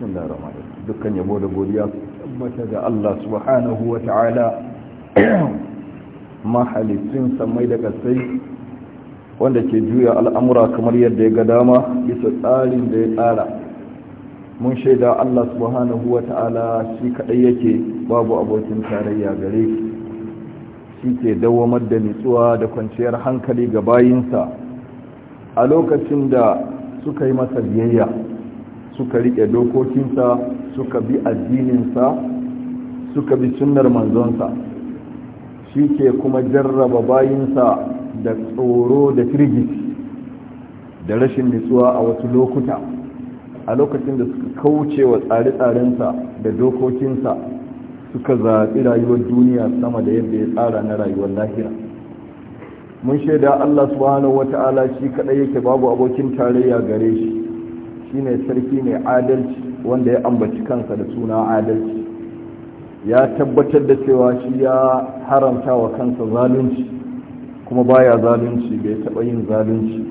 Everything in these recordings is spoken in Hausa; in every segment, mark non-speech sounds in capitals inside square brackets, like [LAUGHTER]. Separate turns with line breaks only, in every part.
bismillah dukkan yabo da godiya tabbata ga Allah subhanahu wa ta'ala [CLEARS THROAT] mahalicin samai da kasai wanda ke juya al'amura kamar yadda ya ga dama bisa tsarin da ya tsara mun shaida Allah subhanahu wa ta'ala shi kaɗai yake babu abokin tarayya gare shi ke dawamar da nutsuwa da kwanciyar hankali ga bayinsa a lokacin da suka yi masa biyayya suka riƙe dokokinsa suka bi addininsa suka bi sunnar manzonsa shi ke kuma jarraba bayinsa da tsoro da firgiti da rashin nutsuwa a wasu lokuta a lokacin da suka kauce wa tsare-tsarensa da dokokinsa suka zaɓi rayuwar duniya sama da yadda ya tsara na rayuwar lahira mun shaida allah subhanahu wata'ala shi kaɗai yake babu abokin tarayya gare shi shine sarki mai adalci wanda ya ambaci kansa da suna adalci ya tabbatar da cewa shi ya haramta wa kansa zalunci kuma baya zalunci bai taba yin zalunci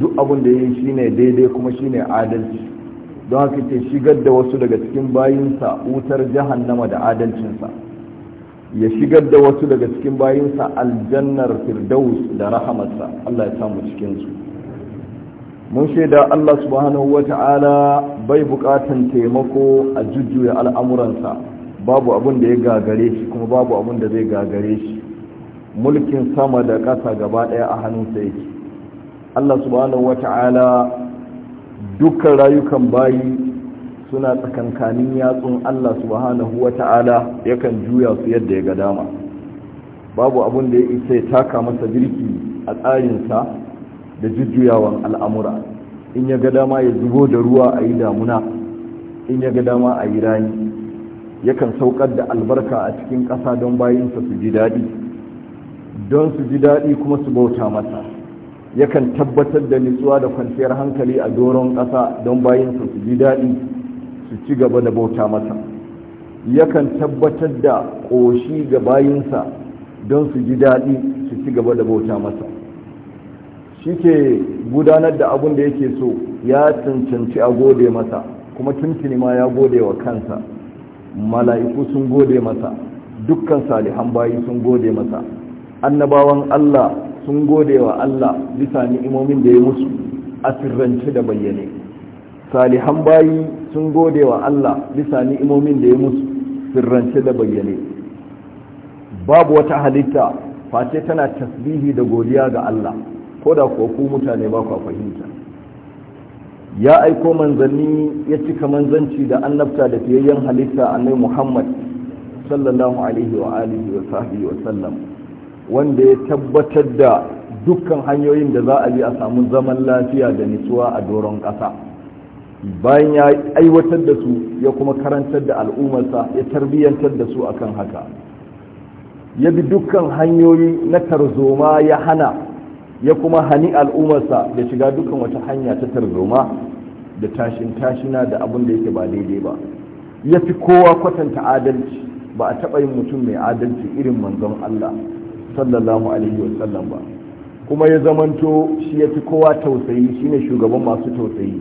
duk abin da ya yi shine daidai kuma shine adalci don haka ke shigar da wasu daga cikin bayinsa wutar jahannama da adalcinsa ya shigar da wasu daga cikin bayinsa aljannar firdaus da rahamarsa allah ya samu cikinsu mun shaida Allah subhanahu ta'ala bai bukatan taimako a jujjuya al'amuransa babu abin da ya gagare shi kuma babu abin da zai gagare shi mulkin sama da ƙasa gaba ɗaya a hannunsa yake Allah subhanahu wata'ala dukkan rayukan bayi suna tsakankanin yatsun Allah subhanahu wata'ala yakan juya su yadda ya ga dama babu abin da ya isa ya taka masa birki a tsarinsa da jujjuyawan al'amura in ya ga dama ya zubo da ruwa a yi damuna in ya ga dama a yi rani yakan saukar da albarka a cikin ƙasa don bayinsa su ji daɗi don su ji daɗi kuma su bauta masa yakan tabbatar da nitsuwa da kwanciyar hankali a doron ƙasa don bayinsa su ji daɗi su ci gaba da bauta masa yakan tabbatar da ƙoshi ga bayinsa don su ji daɗi su ci gaba da bauta masa shi ke gudanar da abin da yake so ya cancanci a gode masa kuma tuntuni ma ya gode wa kansa mala'iku sun gode masa dukkan salihan bayi sun gode masa annabawan Allah sun gode wa Allah bisa ni'imomin da ya musu a sirrance da bayyane salihan bayi sun gode wa Allah bisa ni'imomin da ya musu sirrance da bayyane babu wata halitta face tana tasbihi da godiya ga Allah ko da kuwa ku mutane ba ku fahimta ya aiko manzanni ya cika manzanci da annabta da fiyayyen halitta nai Muhammad sallallahu alaihi wa alihi wa sahbihi wa sallam wanda ya tabbatar da dukkan hanyoyin da za a bi a samu zaman lafiya da nutsuwa a doron ƙasa bayan ya aiwatar da su ya kuma karantar da al'ummarsa ya tarbiyyantar da su akan haka ya bi dukkan hanyoyi na tarzoma ya hana ya kuma hani al'ummarsa da shiga dukkan wata hanya ta tarzoma da tashin tashina da abin da yake ba daidai ba ya fi kowa kwatanta adalci ba a taɓa yin mutum mai adalci irin manzon Allah sallallahu alaihi wa sallam ba kuma ya zamanto shi ya fi kowa tausayi shine shugaban masu tausayi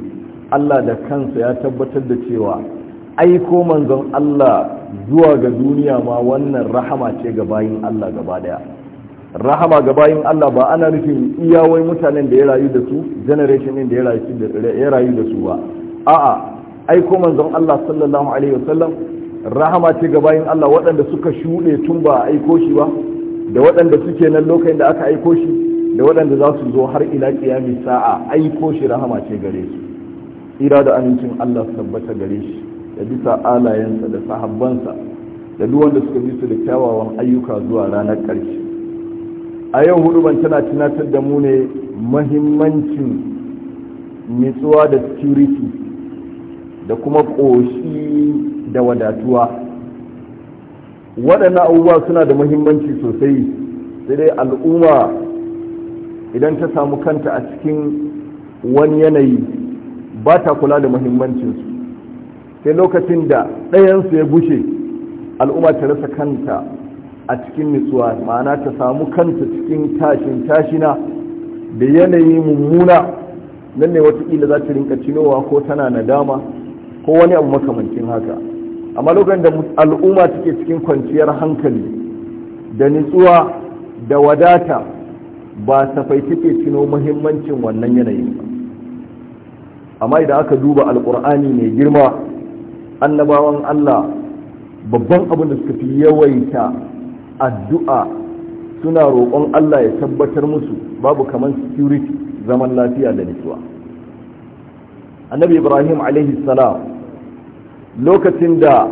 Allah da kansa ya tabbatar da cewa aiko manzon Allah zuwa ga duniya ma wannan rahama ce ga bayin Allah gaba daya rahama ga bayin Allah ba ana nufin iyawai mutanen da ya rayu da su generation din da ya rayu da su ba a'a aiko manzon Allah sallallahu alaihi wasallam rahama ce ga bayin Allah waɗanda suka shuɗe tun ba a aiko shi ba da waɗanda suke nan lokacin da aka aiko shi da waɗanda za su zo har ila kiyami sa'a aiko shi rahama ce gare su ira da amincin Allah su gare shi da bisa alayensa da sahabbansa da duk wanda suka bi su da kyawawan ayyuka zuwa ranar ƙarshe a yau ban tana tunatar da mu ne mahimmancin nitsuwa da security da kuma ƙoshi da wadatuwa waɗannan abubuwa suna da mahimmanci sosai sai dai al'umma idan ta samu kanta a cikin wani yanayi ba ta kula da mahimmancinsu sai lokacin da ɗayansu ya bushe al'umma ta rasa kanta a cikin nutsuwa ma'ana ta samu kanta cikin tashin tashina da yanayi mummuna nan ne watakila za ta rinka cinowa ko tana nadama ko wani abu makamancin haka amma lokacin da al'umma take cikin kwanciyar hankali da nutsuwa da wadata ba ta fai take cino muhimmancin wannan yanayin ba amma idan aka duba alkur'ani mai girma annabawan allah babban abin da suka fi yawaita addu'a suna roƙon Allah ya tabbatar musu babu kamar security zaman lafiya da nutsuwa annabi ibrahim alaihi salam lokacin da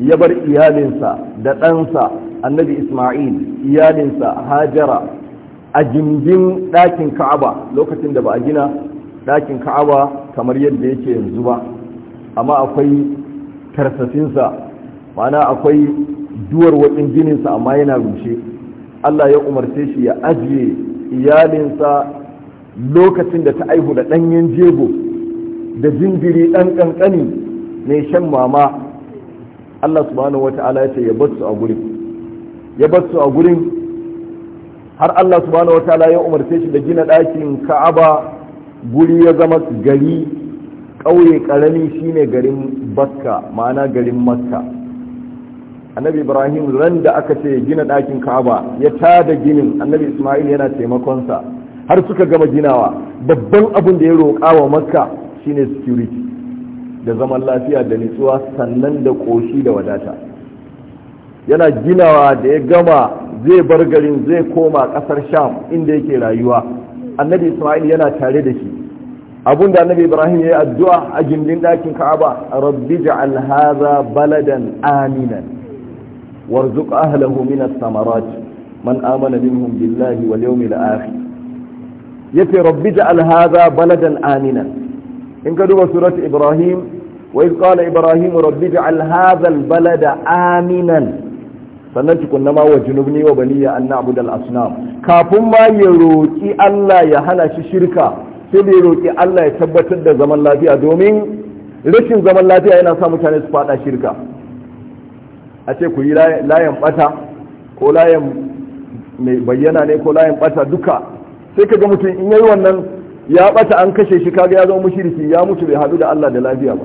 ya bar iyalinsa da ɗansa annabi isma'il iyalinsa hajara a jimbin ɗakin ka'aba lokacin da ba a gina ɗakin ka'aba kamar yadda yake yanzu ba amma akwai karsasinsa ma'ana akwai duwar wajen jininsa amma yana rushe Allah ya umarce shi ya ajiye iyalinsa lokacin da ta aihu da ɗanyen jego da jinjiri ɗan ƙanƙani mai shan mama Allah subhanahu wa ta'ala ya ce ya bar su a gurin ya bar a gurin har Allah subhanahu wa ta'ala ya umarce shi da gina ɗakin Ka'aba guri ya zama gari ƙauye ƙarami shine garin Bakka ma'ana garin Makka annabi ibrahim ran da aka ce gina dakin ka'aba ya tada ginin annabi isma'il yana taimakonsa har suka gama ginawa babban abin da ya roƙa wa makka shine security da zaman lafiya da nitsuwa sannan da koshi da wadata yana ginawa da ya gama zai bar garin zai koma ƙasar sham inda yake rayuwa annabi isma'il yana tare da shi abun da annabi ibrahim ya yi addu'a a gindin ɗakin ka'aba rabbi ja'al hadha baladan aminan وارزق أهله من الثمرات من آمن منهم بالله واليوم الآخر يتي رب اجعل هذا بلدا آمنا إن كدوا سورة إبراهيم وإذ قال إبراهيم رب اجعل هذا البلد آمنا sannan tukunna ma wa junubni wa baniya an na'budu al-asnam kafin ma ya roki Allah ya hana shi shirka sai da ya roki Allah ya tabbatar da zaman lafiya domin rashin zaman lafiya yana sa mutane su fada shirka a ce ku yi layan bata ko layan mai bayyana ne ko layin bata duka sai ga mutum in yi wannan ya bata an kashe shi kaga ya zama mushriki ya mutu bai haɗu da Allah da lafiya ba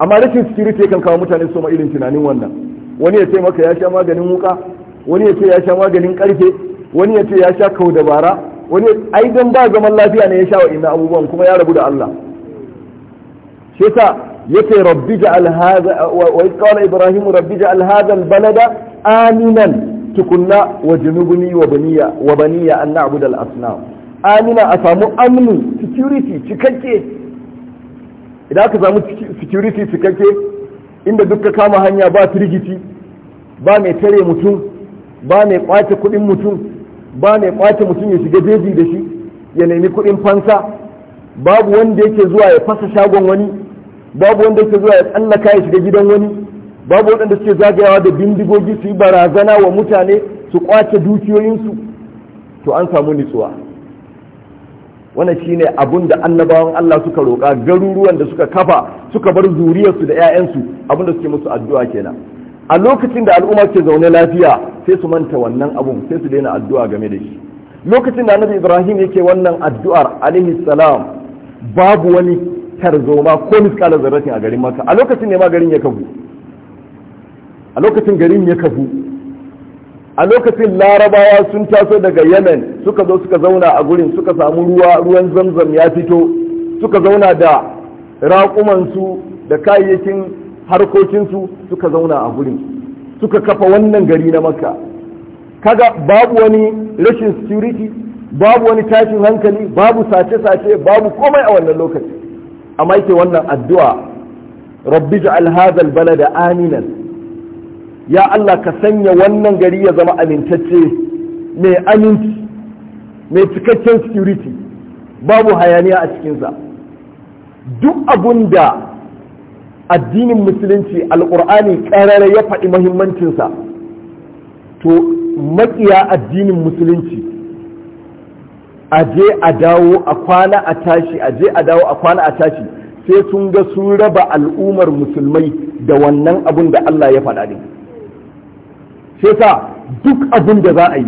amma rashin security kan kawo mutane su ma irin tunanin wannan wani ya ce maka ya sha maganin wuka wani ya ce ya sha maganin karfe wani ya ce ya sha kau dabara wani ai dan ba zaman lafiya ne ya sha wa ina abubuwan kuma ya rabu da Allah shi yake rabbi ja'al hadha wa qala ibrahim rabbi ja'al hadha al-balada aminan tukunna wa junubni wa baniya wa baniya an na'budu al-asnam amina a samu amnu security cikakke idan aka samu security cikakke inda duka kama hanya ba turgiti ba mai tare mutum ba mai kwace kudin mutum ba mai kwace mutum ya shiga jeji da shi ya nemi kudin fansa babu wanda yake zuwa ya fasa shagon wani babu wanda yake zuwa ya tsallaka ya shiga gidan wani babu waɗanda suke zagayawa da bindigogi su yi barazana wa mutane su kwace dukiyoyinsu to an samu nitsuwa wannan shine abun da annabawan Allah suka roƙa garuruwan da suka kafa suka bar zuriyarsu da 'ya'yansu abun da suke musu addu'a kenan a lokacin da al'umma ke zaune lafiya sai su manta wannan abun sai su daina addu'a game da shi lokacin da annabi Ibrahim yake wannan addu'ar alaihi salam babu wani tarzoma ko miskala zarratin a garin maka a lokacin ne ma garin ya kafu a lokacin garin ya kafu a lokacin larabawa sun taso daga yemen suka zo suka zauna a gurin suka samu ruwa ruwan zamzam ya fito suka zauna da raƙumansu da kayayyakin harkokinsu suka zauna a gurin suka kafa wannan gari na maka kaga babu wani rashin security babu wani tashin hankali babu sace-sace babu komai a wannan lokacin. amma yake wannan addu'a rabbi ja'al hadha da aminan ya Allah ka sanya wannan gari ya zama amintacce mai aminci mai cikakken security babu hayaniya a cikinsa duk abunda addinin musulunci Alƙur'ani ƙarare ya faɗi mahimmancinsa to maƙiya addinin musulunci a je a dawo a kwana a tashi a je a dawo a kwana a tashi sai sun ga sun raba al'ummar musulmai da wannan abun da Allah ya faɗa ne sai sa duk abin da za a yi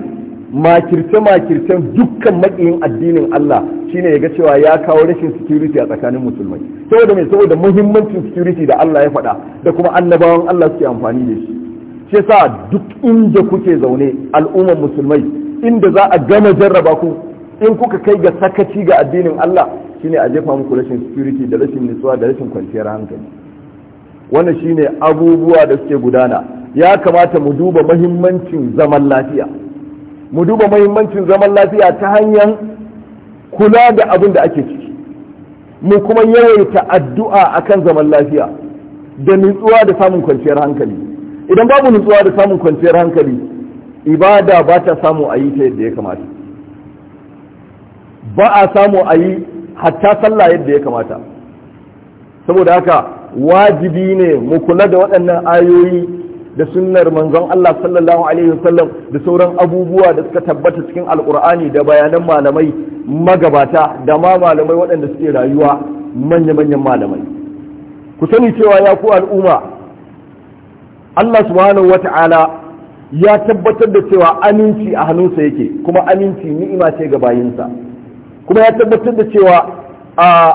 makirce makircen dukkan makiyin addinin Allah shine ya ga cewa ya kawo rashin security a tsakanin musulmai saboda mai saboda muhimmancin security da Allah ya faɗa da kuma annabawan Allah suke amfani da shi sai sa duk inda kuke zaune al'ummar musulmai inda za a gama jarraba ku in kuka kai ga sakaci ga addinin Allah shine a jefa muku rashin security da rashin nutsuwa da rashin kwanciyar hankali wannan shine abubuwa da suke gudana ya kamata mu duba mahimmancin zaman lafiya mu duba mahimmancin zaman lafiya ta hanyar kula da abin da ake ciki mu kuma yawaita addu'a akan zaman lafiya da nutsuwa da samun kwanciyar hankali idan babu nutsuwa da samun kwanciyar hankali ibada ba ta samu a yi ta yadda ya kamata ba a samu a yi hatta sallah yadda ya kamata saboda haka wajibi ne mu kula da waɗannan ayoyi da sunnar manzon Allah sallallahu alaihi wasallam da sauran abubuwa da suka tabbata cikin alkur'ani da bayanan malamai magabata da ma malamai waɗanda suke rayuwa manya-manyan malamai ku sani cewa ya ku al'umma Allah subhanahu wata'ala ya tabbatar da cewa aminci a hannunsa yake kuma aminci ni'ima ce ga bayinsa kuma ya tabbatar da cewa a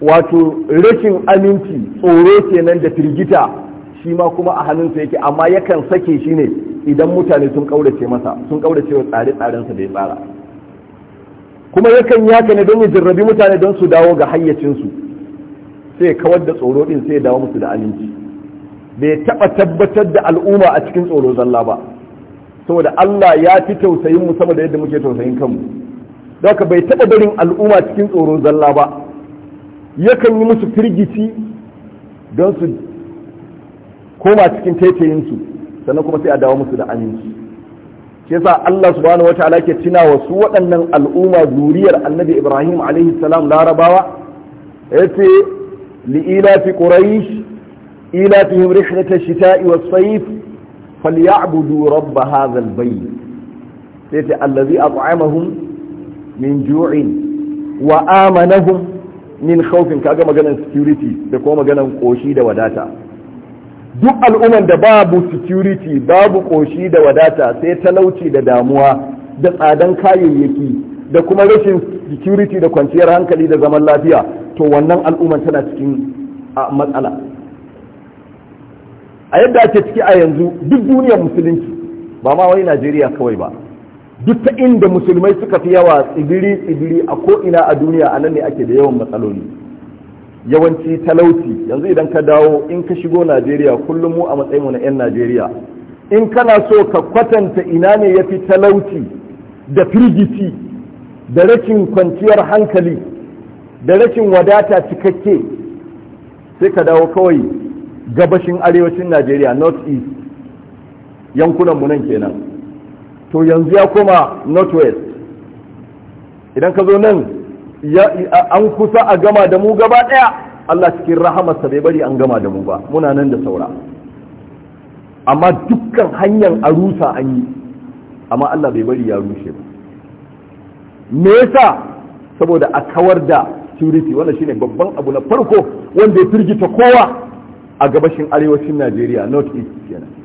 wato rashin aminci tsoro kenan da firgita shi ma kuma a hannunsa yake amma yakan sake shi ne idan mutane sun kaurace masa sun kaurace wa tsare-tsarensa da ya tsara kuma yakan yaka ne don ya jarrabi mutane don su dawo ga hayyacinsu sai kawar da tsoro din sai ya dawo musu da aminci bai taba tabbatar da al'umma a cikin tsoro zalla ba saboda Allah ya fi tausayin mu sama da yadda muke tausayin kanmu daga bai taɓa barin al'umma cikin tsoron zalla ba yakan yi musu firgici don su koma cikin taitayinsu sannan kuma sai a dawo musu da aminci shi yasa Allah subhanahu wataala ke tuna wa su waɗannan al'umma zuriyar annabi Ibrahim alaihi salam larabawa yace li ila fi quraish ila fihim rihlat ash-shita'i was-sayf falyabudu rabb hadha al-bayt yace allazi at'amahum min ju'in wa amanahum min khawfin kaga maganar security da kuma maganar koshi da wadata duk al'umman da babu security babu koshi da wadata sai talauci da damuwa da tsadan kayayyaki da kuma rashin security da kwanciyar hankali da zaman lafiya to wannan al'umman tana cikin matsala a yadda ake ciki a yanzu duk duniyar musulunci ba ma wani najeriya kawai ba duk ta inda musulmai suka fi yawa tsibiri tsibiri a ko'ina a duniya a nan ne ake da yawan matsaloli yawanci talauci yanzu idan ka dawo in ka shigo najeriya kullum mu a matsayin mu na 'yan najeriya in kana so ka kwatanta ina ne ya fi talauci da firgiti da rashin kwanciyar hankali da rashin wadata cikakke sai ka dawo kawai gabashin arewacin najeriya north east yankunanmu nan kenan to yanzu ya koma northwest idan ka zo nan an kusa a gama da mu gaba daya Allah cikin rahamarsa bai bari an gama da mu ba muna nan da saura amma dukkan hanyar a rusa an yi amma Allah bai bari ya rushe ba me yasa saboda a kawar da security wannan shine babban abu na farko wanda ya firgita kowa a gabashin arewacin Najeriya north east kenan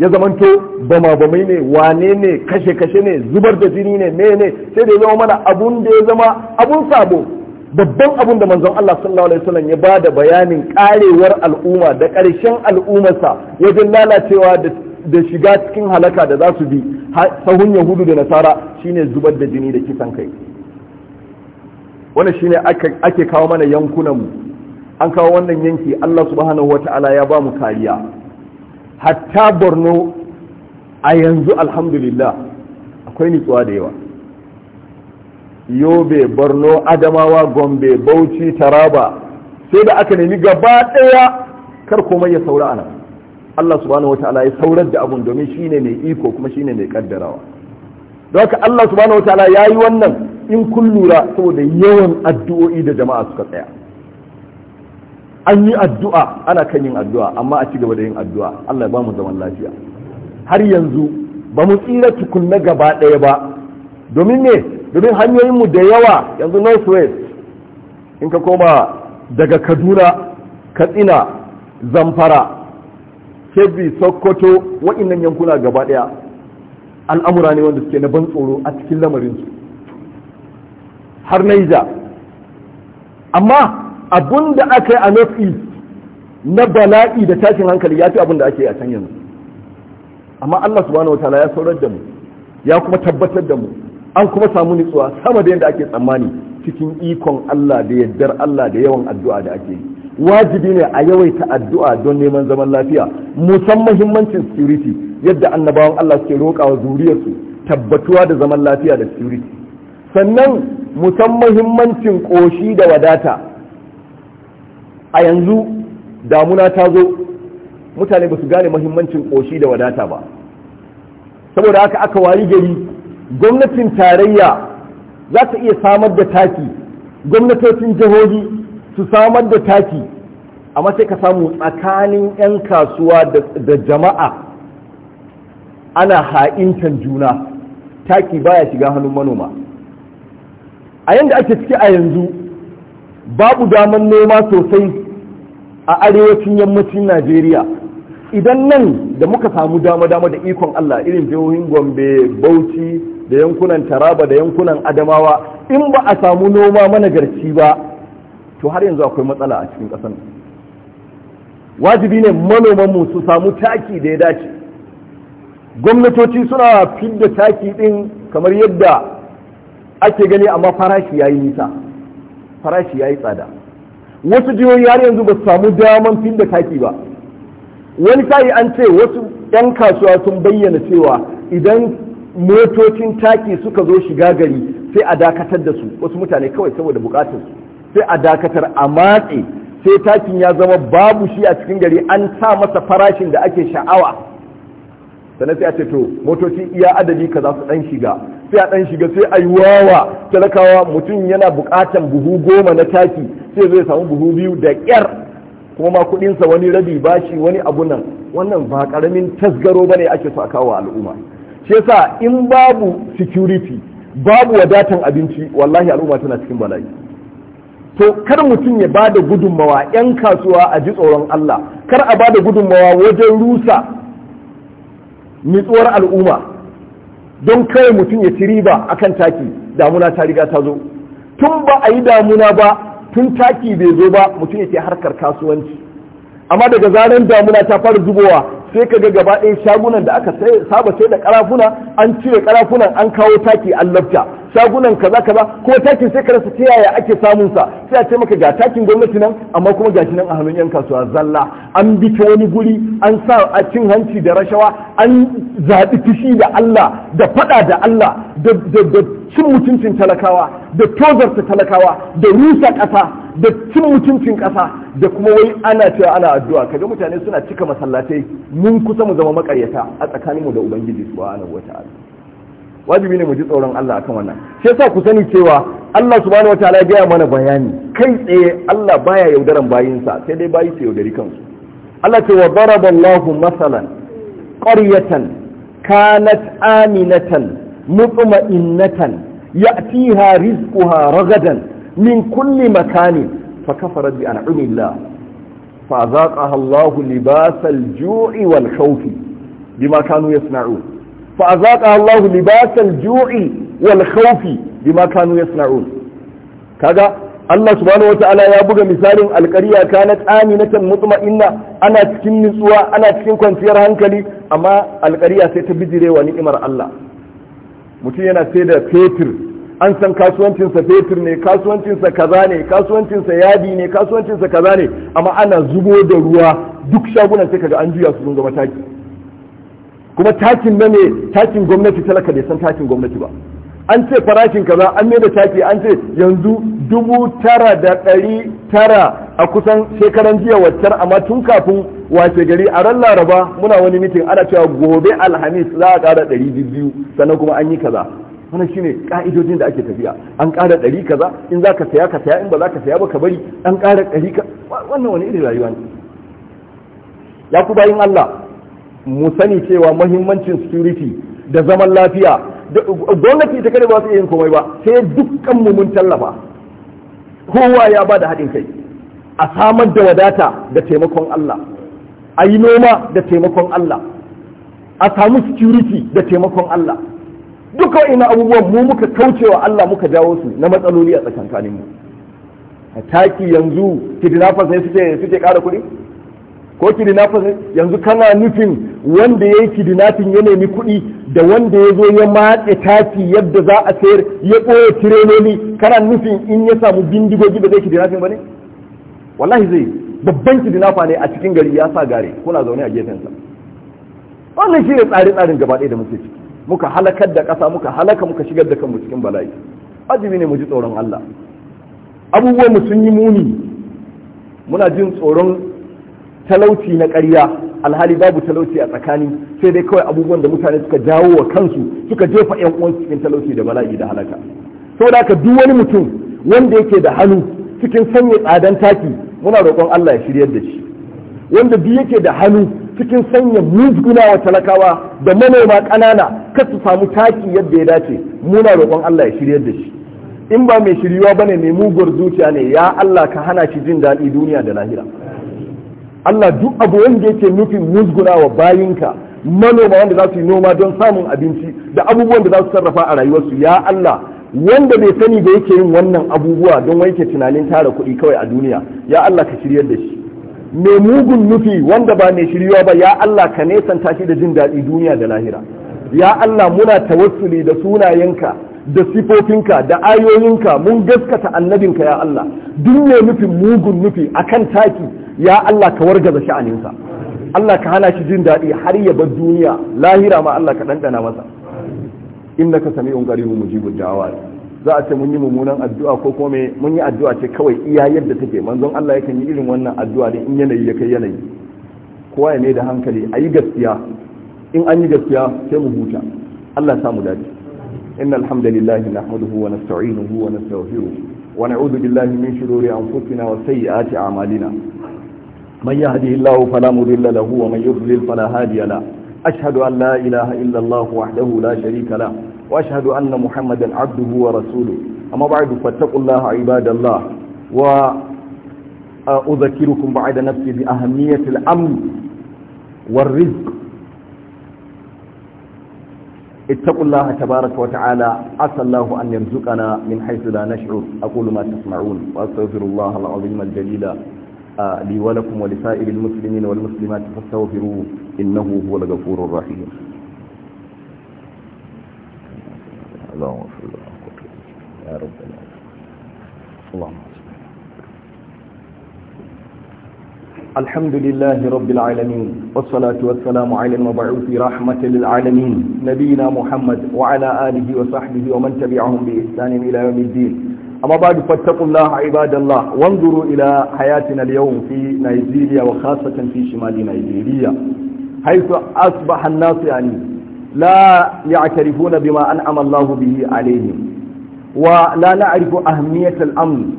ya zamanto bama bama ne wane ne kashe kashe ne zubar da jini ne me ne sai da ya zama mana abun da ya zama abun sabo babban abun da manzon Allah sallallahu alaihi wasallam ya bada bayanin karewar al'umma da ƙarshen al'ummarsa wajen lalacewa da shiga cikin halaka da za su bi sahun yahudu da nasara shine zubar da jini da kisan kai wannan shine ake kawo mana yankunan mu an kawo wannan yanki Allah subhanahu wata'ala ya ba mu kariya hatta borno a yanzu alhamdulillah akwai nitsuwa da yawa yobe borno adamawa gombe bauchi taraba sai da aka nemi gaba ɗaya kar komai ya saura ana Allah subhanahu wataala ya saurar da abun domin shine mai iko kuma shine mai kaddarawa don haka Allah subhanahu wataala yayi wannan in kun lura saboda yawan addu'o'i da jama'a suka tsaya an yi addu'a ana kan yin addu'a amma a ci gaba da yin addu'a Allah ya ba mu zaman lafiya har yanzu ba mu tsira tukunna gaba ɗaya ba domin ne domin hanyoyin mu da yawa yanzu north west in ka koma daga kaduna katsina zamfara kebbi sokoto waɗannan yankuna gaba ɗaya al'amura ne wanda suke na ban tsoro a cikin lamarinsu har naija amma abun da aka yi a nufi na bala'i da tashin hankali ya fi abun da ake yi a can yanzu amma Allah subhanahu wataala ya saurar da mu ya kuma tabbatar da mu an kuma samu nutsuwa sama da yadda ake tsammani cikin ikon Allah da yaddar Allah da yawan addu'a da ake yi wajibi ne a yawaita addu'a don neman zaman lafiya musamman muhimmancin security yadda annabawan Allah suke roƙa wa zuriyarsu tabbatuwa da zaman lafiya da security sannan musamman muhimmancin ƙoshi da wadata a yanzu damuna ta zo mutane ba su gane mahimmancin ƙoshi da wadata ba saboda haka aka wari gari gwamnatin tarayya za ta iya samar da taki gwamnatocin jihohi su samar da taki amma sai ka samu tsakanin 'yan kasuwa da jama'a ana ha'intan juna taki baya shiga hannun manoma a yadda ake ciki a yanzu babu daman noma sosai a arewacin yammacin najeriya idan nan da muka samu dama-dama da ikon allah irin jihohin gombe bauchi da yankunan taraba da yankunan adamawa in ba a samu noma managarci ba to har yanzu akwai matsala a cikin ƙasar wajibi ne manomanmu su samu taki da ya dace gwamnatoci suna fidda taki ɗin kamar yadda ake gani amma farashi ya yi nisa farashi ya yi tsada wasu jihohi har yanzu ba su samu daman fil da taki ba wani sa'i an ce wasu 'yan kasuwa sun bayyana cewa idan motocin taki suka zo shiga gari sai a dakatar da su wasu mutane kawai saboda bukatar sai a dakatar a matse sai takin ya zama babu shi a cikin gari an sa masa farashin da ake sha'awa sannan sai a ce to motoci iya adadi kaza su dan shiga sai a ɗan shiga sai a yi wawa talakawa mutum yana buƙatan buhu goma na taki sai zai samu buhu biyu da ƙyar kuma ma kuɗinsa wani rabi bashi wani abu nan wannan ba ƙaramin tasgaro ba ne ake so a kawo al'umma shi yasa in babu security babu wadatan abinci wallahi al'umma tana cikin bala'i to kar mutum ya bada gudunmawa 'yan kasuwa a ji tsoron Allah kar a bada gudunmawa wajen rusa nitsuwar al'umma don kai mutum ya ci riba a kan taki damuna ta riga ta zo tun ba a yi damuna ba tun taki bai zo ba mutum yake harkar kasuwanci amma daga zanen damuna ta fara zubowa sai ka ga gaba ɗaya shagunan da aka saba sai da karafuna an cire karafunan an kawo taki an lafta shagunan kaza kaza kuma takin sai ka rasa ta yaya ake samun sa sai a ce maka ga takin gwamnati nan amma kuma shi nan a hannun yan kasuwa zalla an bi ta wani guri an sa a cin hanci da rashawa an zaɓi fushi da Allah da faɗa da Allah da cin mutuncin talakawa da tozarta talakawa da rusa ƙasa da cin mutuncin ƙasa da kuma wai ana cewa ana addu'a kaga mutane suna cika masallatai mun kusa mu zama makaryata a tsakaninmu da ubangiji subhanahu wata'ala wajibi ne mu ji tsoron Allah akan wannan shi yasa ku sani cewa Allah subhanahu wataala ya gaya mana bayani kai tsaye Allah baya yaudaran bayinsa sai dai bayi su yaudari kansu Allah ce wa daraballahu masalan qaryatan kanat aminatan mutma'innatan ya'tiha rizquha ragadan min kulli makani fakafarat bi an'amillah fa azaqaha Allahu libasal ju'i wal khawfi bima kanu yasna'un fa azaqa Allahu libasal ju'i wal khawfi bima kanu yasna'un kaga Allah subhanahu wata'ala ya buga misalin alƙarya kanat aminatan mutma'inna ana cikin nutsuwa ana cikin kwanciyar hankali amma alƙarya sai ta bi bijirewa ni'imar Allah mutum yana sai da fetur an san kasuwancinsa fetur ne kasuwancinsa kaza ne kasuwancinsa yadi ne kasuwancinsa kaza ne amma ana zubo da ruwa duk shagunan sai kaga an juya su sun mataki. kuma takin na ne takin gwamnati talaka bai san takin gwamnati ba an ce farashin kaza an mai da taki an ce yanzu dubu tara da ɗari tara a kusan shekaran jiya waccan. amma tun kafin wace gari a ran laraba muna wani mitin ana cewa gobe alhamis za a ƙara ɗari biyu sannan kuma an yi kaza wannan shine ka'idojin da ake tafiya an ƙara ɗari kaza in za ka saya ka saya in ba za ka saya ba ka bari an ƙara ɗari ka wannan wani irin rayuwa ne ya ku bayin Allah mu sani cewa mahimmancin security da zaman lafiya gwamnati ta kada ba su yin komai ba sai dukkan mu mun tallafa kowa ya ba da haɗin kai a samar da wadata da taimakon Allah a yi noma da taimakon Allah a samu security da taimakon Allah duka ina abubuwan mu muka kaucewa Allah muka jawo su na matsaloli a mu? A taki yanzu kidnappers ne suke suke kara kuɗi ko yanzu kana nufin wanda ya yi kidnapping ya nemi kuɗi da wanda ya zo ya matse taki yadda za a sayar ya ɓoye tireloli kana nufin in ya samu bindigogi ba zai kidnapping ba ne wallahi zai babban kidnapper ne a cikin gari ya sa gare kuna zaune a gefensa wannan shi ne tsare tsarin gaba da muke ciki muka halakar da ƙasa muka halaka muka shigar da kanmu cikin bala'i azumi ne mu ji tsoron Allah abubuwan mu sun yi muni muna jin tsoron talauci na ƙarya alhali babu talauci a tsakani sai dai kawai abubuwan da mutane suka jawo wa kansu suka jefa yan uwansu cikin talauci da bala'i da halaka saboda haka duk wani mutum wanda yake da hannu cikin sanya tsadan taki muna roƙon Allah ya shiryar da shi wanda duk yake da hannu cikin sanya wa talakawa da manoma ƙanana kar su samu taki yadda ya dace muna roƙon Allah ya shiryar da shi in ba mai shiryuwa bane mai muguwar zuciya ne ya Allah ka hana shi jin daɗi duniya da lahira Allah duk abu wanda yake nufin wa bayinka manoma wanda za su yi noma don samun abinci da abubuwan da za su sarrafa a rayuwarsu ya Allah wanda bai sani da yake yin wannan abubuwa don wai ke tunanin tara kuɗi kawai a duniya ya Allah ka shiryar da shi mai mugun nufi wanda ba mai shiryuwa ba ya Allah ka nesanta shi da jin daɗi duniya da lahira ya Allah muna tawassuli da sunayenka da sifofinka da ayoyinka mun gaskata annabinka ya Allah duk mai nufin mugun nufi akan taki ya Allah ka wargaza sha'aninsa Allah ka hana shi jin daɗi har ya bar duniya lahira ma Allah ka ɗanɗana masa innaka sami'un qaribun mujibud da'awat za a ce mun yi mummunan addu'a ko kuma mun yi addu'a ce kawai iya yadda take manzon Allah yakan yi irin wannan addu'a da in yanayi ya kai yanayi kowa ya mai da hankali a yi gaskiya in an yi gaskiya sai mu huta Allah samu dace إن الحمد لله نحمده ونستعينه ونستغفره ونعوذ بالله من شرور أنفسنا وسيئات أعمالنا من يهده الله فلا مضل له ومن يضلل فلا هادي له أشهد أن لا إله إلا الله وحده لا شريك له وأشهد أن محمدا عبده ورسوله أما بعد فاتقوا الله عباد الله وأذكركم بعد نفسي بأهمية الأمن والرزق اتقوا الله تبارك وتعالى عسى الله أن يرزقنا من حيث لا نشعر أقول ما تسمعون وأستغفر الله العظيم الجليل لي ولكم ولسائر المسلمين والمسلمات فاستغفروه إنه هو الغفور الرحيم اللهم صل على يا رب العالمين اللهم الحمد لله رب العالمين والصلاة والسلام على المبعوث رحمة للعالمين نبينا محمد وعلى آله وصحبه ومن تبعهم بإحسان إلى يوم الدين أما بعد فاتقوا الله عباد الله وانظروا إلى حياتنا اليوم في نيجيريا وخاصة في شمال نيجيريا حيث أصبح الناس يعني لا يعترفون بما أنعم الله به عليهم ولا نعرف أهمية الأمن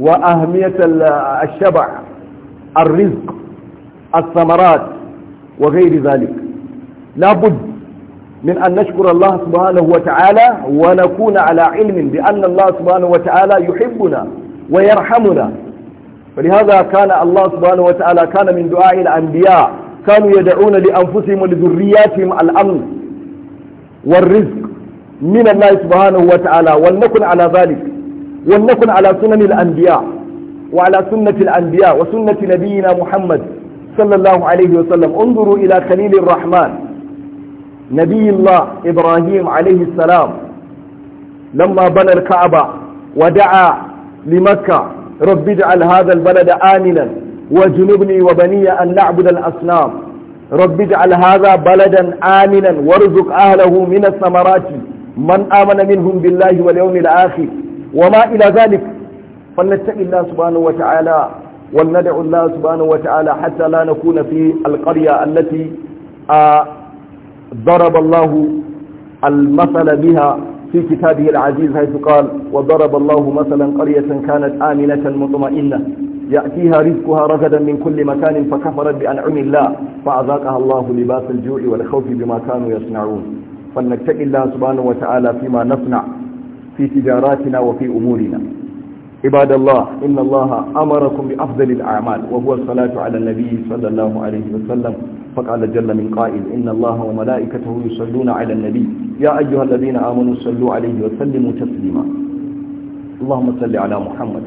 وأهمية الشبع الرزق الثمرات وغير ذلك لا بد من أن نشكر الله سبحانه وتعالى ونكون على علم بأن الله سبحانه وتعالى يحبنا ويرحمنا فلهذا كان الله سبحانه وتعالى كان من دعاء الأنبياء كانوا يدعون لأنفسهم ولذرياتهم الأمن والرزق من الله سبحانه وتعالى ولنكن على ذلك ولنكن على سنن الأنبياء وعلى سنة الأنبياء وسنة نبينا محمد صلى الله عليه وسلم انظروا إلى خليل الرحمن نبي الله إبراهيم عليه السلام لما بنى الكعبة ودعا لمكة رب اجعل هذا البلد آمنا وجنبني وبني أن نعبد الأصنام رب اجعل هذا بلدا آمنا وارزق أهله من الثمرات من آمن منهم بالله واليوم الآخر وما إلى ذلك فلنتق الله سبحانه وتعالى ولندع الله سبحانه وتعالى حتى لا نكون في القرية التي آه، ضرب الله المثل بها في كتابه العزيز حيث قال وضرب الله مثلا قرية كانت آمنة مطمئنة يأتيها رزقها رغدا من كل مكان فكفرت بأنعم الله فأذاقها الله لباس الجوع والخوف بما كانوا يصنعون فلنتق الله سبحانه وتعالى فيما نصنع في تجاراتنا وفي أمورنا عباد الله إن الله أمركم بأفضل الأعمال وهو الصلاة على النبي صلى الله عليه وسلم فقال جل من قائل إن الله وملائكته يصلون على النبي يا أيها الذين آمنوا صلوا عليه وسلموا تسليما اللهم صل على محمد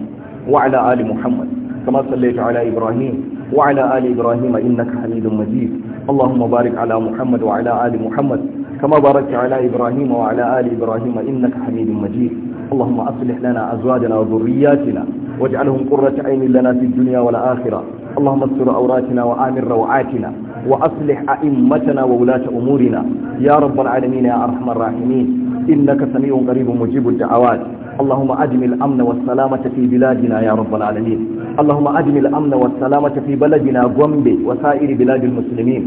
وعلى آل محمد كما صليت على إبراهيم وعلى آل إبراهيم إنك حميد مجيد اللهم بارك على محمد وعلى آل محمد كما باركت على إبراهيم وعلى آل إبراهيم إنك حميد مجيد اللهم أصلح لنا أزواجنا وذرياتنا واجعلهم قرة عين لنا في الدنيا والآخرة اللهم استر عوراتنا وآمن روعاتنا وأصلح أئمتنا وولاة أمورنا يا رب العالمين يا أرحم الراحمين إنك سميع قريب مجيب الدعوات اللهم أجم الأمن والسلامة في بلادنا يا رب العالمين اللهم أجم الأمن والسلامة في بلدنا غومبي وسائر بلاد المسلمين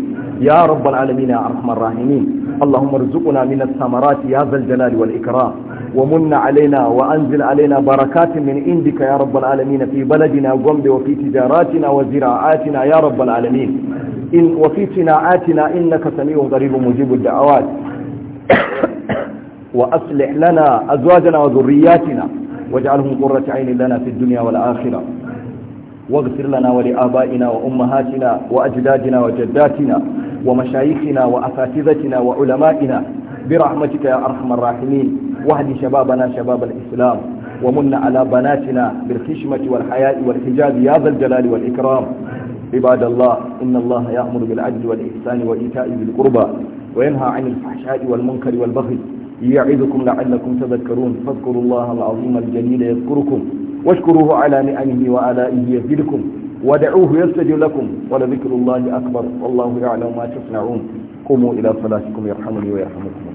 يا رب العالمين يا أرحم الراحمين اللهم ارزقنا من الثمرات يا ذا الجلال والإكرام ومن علينا وأنزل علينا بركات من عندك يا رب العالمين في بلدنا قمب وفي تجاراتنا وزراعاتنا يا رب العالمين إن وفي صناعاتنا إنك سميع قريب مجيب الدعوات [COUGHS] وأصلح لنا أزواجنا وذرياتنا واجعلهم قرة عين لنا في الدنيا والآخرة واغفر لنا ولآبائنا وأمهاتنا وأجدادنا وجداتنا ومشايخنا وأساتذتنا وعلمائنا برحمتك يا أرحم الراحمين واهد شبابنا شباب الإسلام ومن على بناتنا بالخشمة والحياء والحجاب يا ذا الجلال والإكرام عباد الله إن الله يأمر بالعدل والإحسان وإيتاء ذي القربى وينهى عن الفحشاء والمنكر والبغي يعظكم لعلكم تذكرون فاذكروا الله العظيم الجليل يذكركم واشكروه على نعمه وآلائه يزدكم ودعوه يستجب لكم ولذكر الله أكبر والله يعلم ما تصنعون قوموا إلى صلاتكم يرحمني ويرحمكم